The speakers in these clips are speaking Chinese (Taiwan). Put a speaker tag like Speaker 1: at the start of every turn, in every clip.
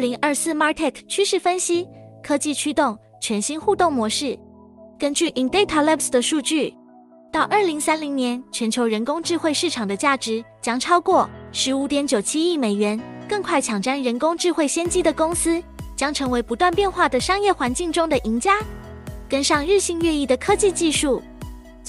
Speaker 1: 二零二四 Martech 趨勢分析：科技驅動全新互動模式。根據 In Data Labs 的數據，到二零三零年，全球人工智慧市場的價值將超過十五點九七億美元。更快搶佔人工智慧先機的公司，將成為不斷變化的商業環境中的贏家。跟上日新月異的科技技術。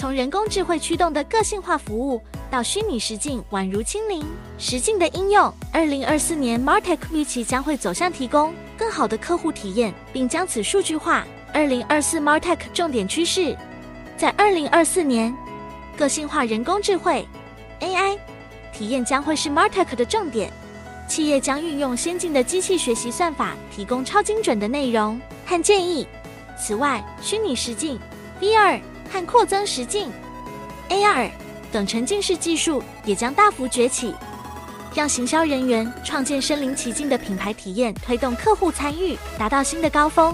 Speaker 1: 從人工智慧驅動的個性化服務到虛擬實境宛如親臨實境的應用，二零二四年 Martech 預期將會走向提供更好的客戶體驗，並將此數據化。二零二四 Martech 重點趨勢，在二零二四年，個性化人工智慧 AI 體驗將會是 Martech 的重點。企業將運用先進的機器學習算法，提供超精準的內容和建議。此外，虛擬實境 VR。和擴增實境、AR 等沉浸式技術也將大幅崛起，讓行銷人員創建身臨其境的品牌體驗，推動客戶參與達到新的高峰。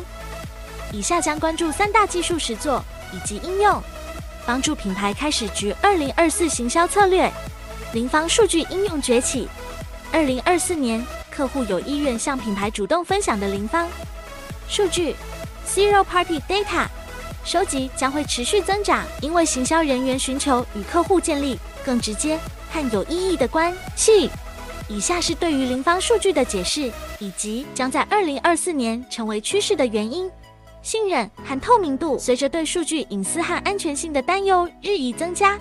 Speaker 1: 以下將關注三大技術實作以及應用，幫助品牌開始佈局二零二四行銷策略。零方數據應用崛起，二零二四年客戶有意願向品牌主動分享的零方數據 （Zero Party Data）。收集將會持續增長，因為行銷人員尋求與客戶建立更直接和有意義的關係。以下是對於零方數據的解釋，以及將在二零二四年成為趨勢的原因：信任和透明度。隨着對數據隱私和安全性的擔憂日益增加，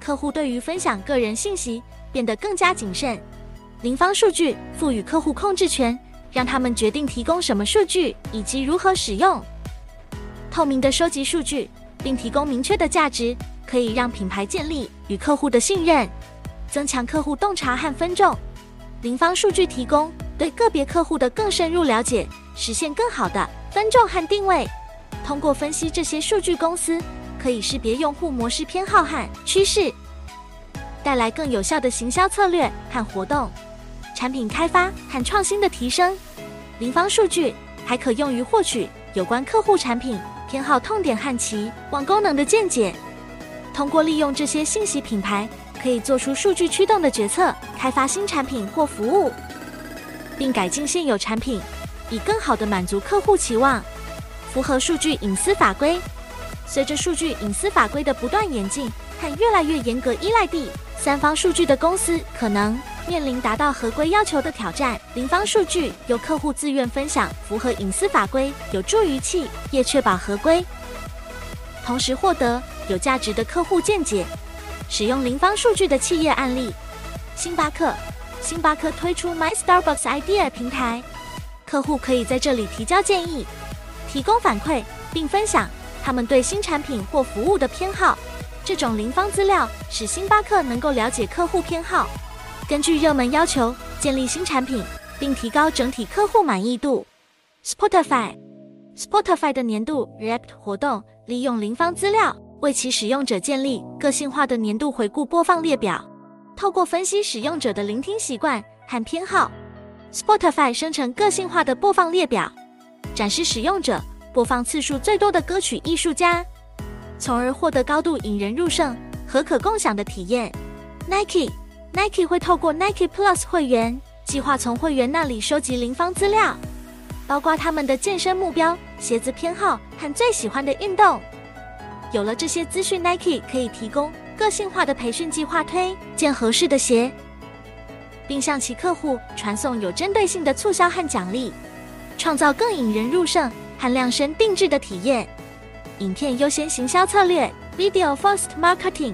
Speaker 1: 客戶對於分享個人信息變得更加謹慎。零方數據賦予客戶控制權，讓他們決定提供什麼數據以及如何使用。透明的收集數據，並提供明確的價值，可以讓品牌建立與客戶的信任，增強客戶洞察和分眾。零方數據提供對個別客戶的更深入了解，實現更好的分眾和定位。通過分析這些數據，公司可以識別用戶模式、偏好和趨勢，帶來更有效的行銷策略和活動、產品開發和創新的提升。零方數據還可用於獲取有關客戶產品。偏好痛點和期望功能的見解。通過利用這些信息，品牌可以做出數據驅動的決策，開發新產品或服務，並改進現有產品，以更好地滿足客戶期望，符合數據隱私法規。隨着數據隱私法規的不斷演進和越來越嚴格，依賴第三方數據的公司可能。面臨達到合規要求的挑戰。零方數據由客戶自願分享，符合隱私法規，有助於企業確保合規，同時獲得有價值的客戶見解。使用零方數據的企業案例：星巴克。星巴克推出 My Starbucks Idea 平台，客戶可以在這裡提交建議、提供反饋，並分享他們對新產品或服務的偏好。這種零方資料使星巴克能夠了解客戶偏好。根據熱門要求建立新產品，並提高整體客戶滿意度。Spotify，Spotify Spotify 的年度 Wrapped 活動利用零方資料為其使用者建立個性化的年度回顧播放列表，透過分析使用者的聆聽習慣和偏好，Spotify 生成個性化的播放列表，展示使用者播放次數最多的歌曲、藝術家，從而獲得高度引人入勝和可共享的體驗。Nike。Nike 會透過 Nike Plus 會員計劃從會員那裡收集零方資料，包括他們的健身目標、鞋子偏好和最喜歡的運動。有了這些資訊，Nike 可以提供個性化的培訓計劃，推薦合適的鞋，並向其客戶傳送有針對性的促銷和獎勵，創造更引人入勝和量身定制的體驗。影片優先行銷策略 （Video First Marketing）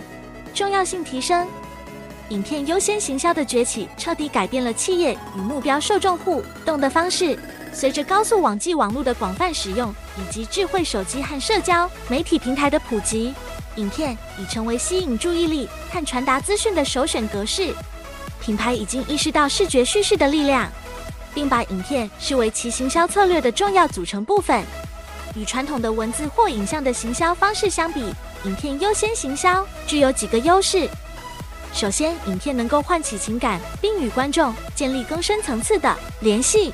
Speaker 1: 重要性提升。影片優先行銷的崛起，徹底改變了企業與目標受眾互動的方式。隨着高速網際網路的廣泛使用，以及智慧手機和社交媒體平台的普及，影片已成為吸引注意力和傳達資訊的首選格式。品牌已經意識到視覺敘事的力量，並把影片視為其行銷策略的重要組成部分。與傳統的文字或影像的行銷方式相比，影片優先行銷具有幾個優勢。首先，影片能夠喚起情感，並與觀眾建立更深層次的聯繫。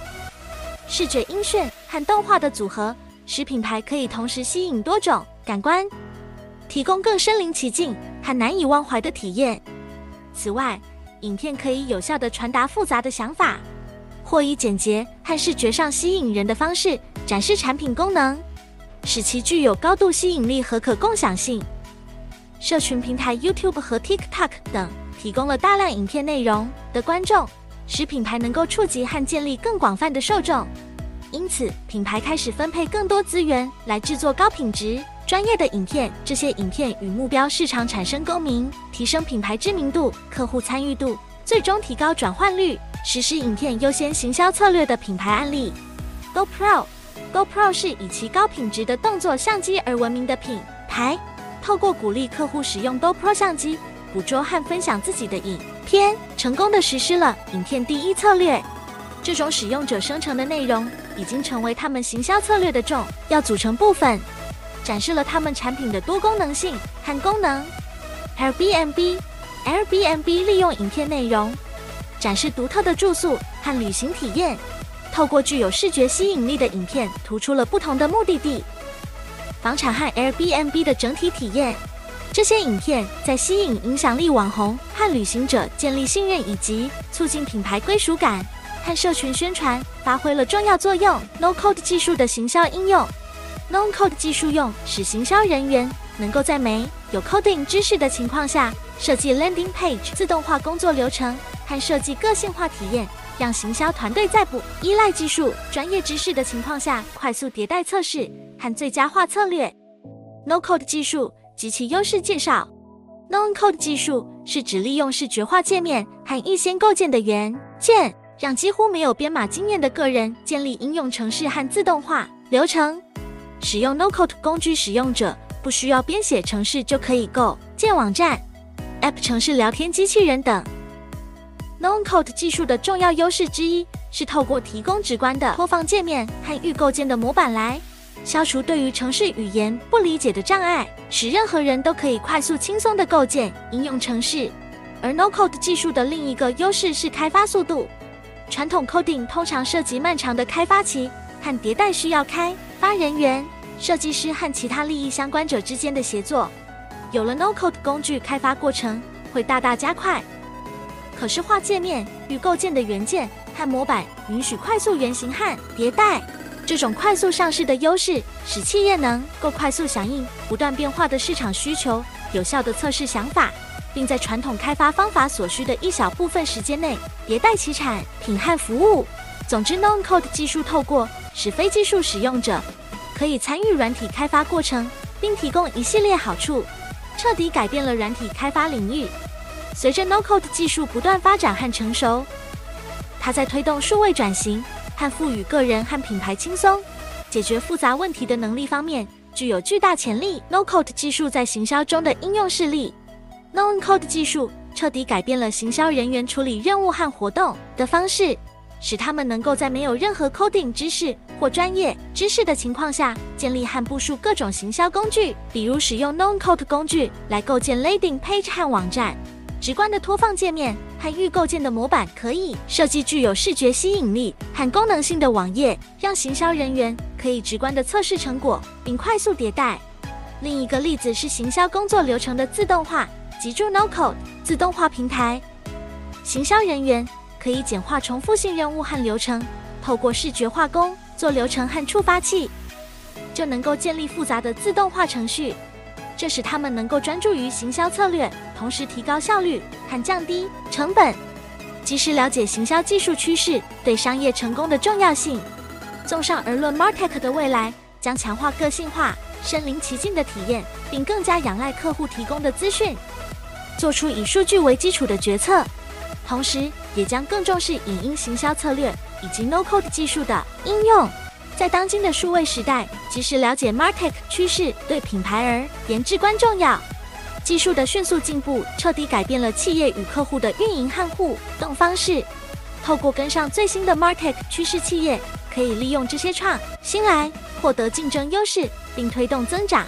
Speaker 1: 視覺、音訊和動畫的組合，使品牌可以同時吸引多種感官，提供更身臨其境和難以忘懷的體驗。此外，影片可以有效地傳達複雜的想法，或以簡潔和視覺上吸引人的方式展示產品功能，使其具有高度吸引力和可共享性。社群平台 YouTube 和 TikTok 等提供了大量影片內容的觀眾，使品牌能夠觸及和建立更廣泛的受眾。因此，品牌開始分配更多資源來製作高品質、專業的影片。這些影片與目標市場產生共鳴，提升品牌知名度、客戶參與度，最終提高轉換率。實施影片優先行銷策略的品牌案例，GoPro。GoPro 是以其高品質的動作相機而聞名的品牌。透過鼓勵客戶使用 GoPro 相機捕捉和分享自己的影片，Pian, 成功地實施了影片第一策略。這種使用者生成的內容已經成為他們行銷策略的重要組成部分，展示了他們產品的多功能性和功能。Airbnb Airbnb 利用影片內容展示獨特的住宿和旅行體驗，透過具有視覺吸引力的影片突出了不同的目的地。房產和 Airbnb 的整體體驗。這些影片在吸引影響力網紅和旅行者建立信任，以及促進品牌歸屬感和社群宣傳，發揮了重要作用。No Code 技術的行銷應用，No Code 技術用使行銷人員能夠在沒有 coding 知識的情況下設計 landing page、自動化工作流程和設計個性化體驗，讓行銷團隊在不依賴技術專業知識的情況下快速迭代測試。和最佳化策略，No Code 技術及其優勢介紹。No Code 技術是指利用視覺化界面和預先構建的元件，Gen, 讓幾乎沒有編碼經驗的個人建立應用程式和自動化流程。使用 No Code 工具，使用者不需要編寫程式就可以構建網站、App、程式、聊天機器人等。No Code 技術的重要優勢之一是透過提供直觀的拖放界面和預構建的模板來。消除對於程式語言不理解的障礙，使任何人都可以快速輕鬆地構建應用程式。而 No Code 技術的另一個優勢是開發速度。傳統 Coding 通常涉及漫長的開發期和迭代，需要開發人員、設計師和其他利益相關者之間的協作。有了 No Code 工具，開發過程會大大加快。可視化界面與構建的元件和模板允許快速原型和迭代。這種快速上市的優勢，使企業能夠快速響應不斷變化的市場需求，有效地測試想法，並在傳統開發方法所需的一小部分時間內迭代其產品和服務。總之，No Code 技術透過使非技術使用者可以參與軟體開發過程，並提供一系列好處，徹底改變了軟體開發領域。隨着 No Code 技術不斷發展和成熟，它在推動數位轉型。和賦予個人和品牌輕鬆解決複雜問題的能力方面，具有巨大潛力。No code 技術在行銷中的應用示例：No code 技術徹底改變了行銷人員處理任務和活動的方式，使他們能夠在沒有任何 coding 知識或專業知識的情況下，建立和部署各種行銷工具，比如使用 No code 工具來構建 landing page 和網站。直觀的拖放界面和預構建的模板，可以設計具有視覺吸引力和功能性的網頁，讓行銷人員可以直觀的測試成果並快速迭代。另一個例子是行銷工作流程的自動化，借助 NoCode 自動化平台，行銷人員可以簡化重複性任務和流程，透過視覺化工作流程和觸發器，就能夠建立複雜的自動化程序。這使他們能夠專注於行銷策略，同時提高效率和降低成本。及時了解行銷技術趨勢對商業成功的重要性。綜上而論，Martech 的未來將強化個性化、身臨其境的體驗，並更加仰賴客戶提供的資訊，做出以數據為基礎的決策。同時，也將更重視影音行銷策略以及 No Code 技術的應用。在當今的數位時代，及時了解 Martech 趨勢對品牌而言至關重要。技術的迅速進步徹底改變了企業與客戶的運營和互動方式。透過跟上最新的 Martech 趨勢，企業可以利用這些創新來獲得競爭優勢，並推動增長。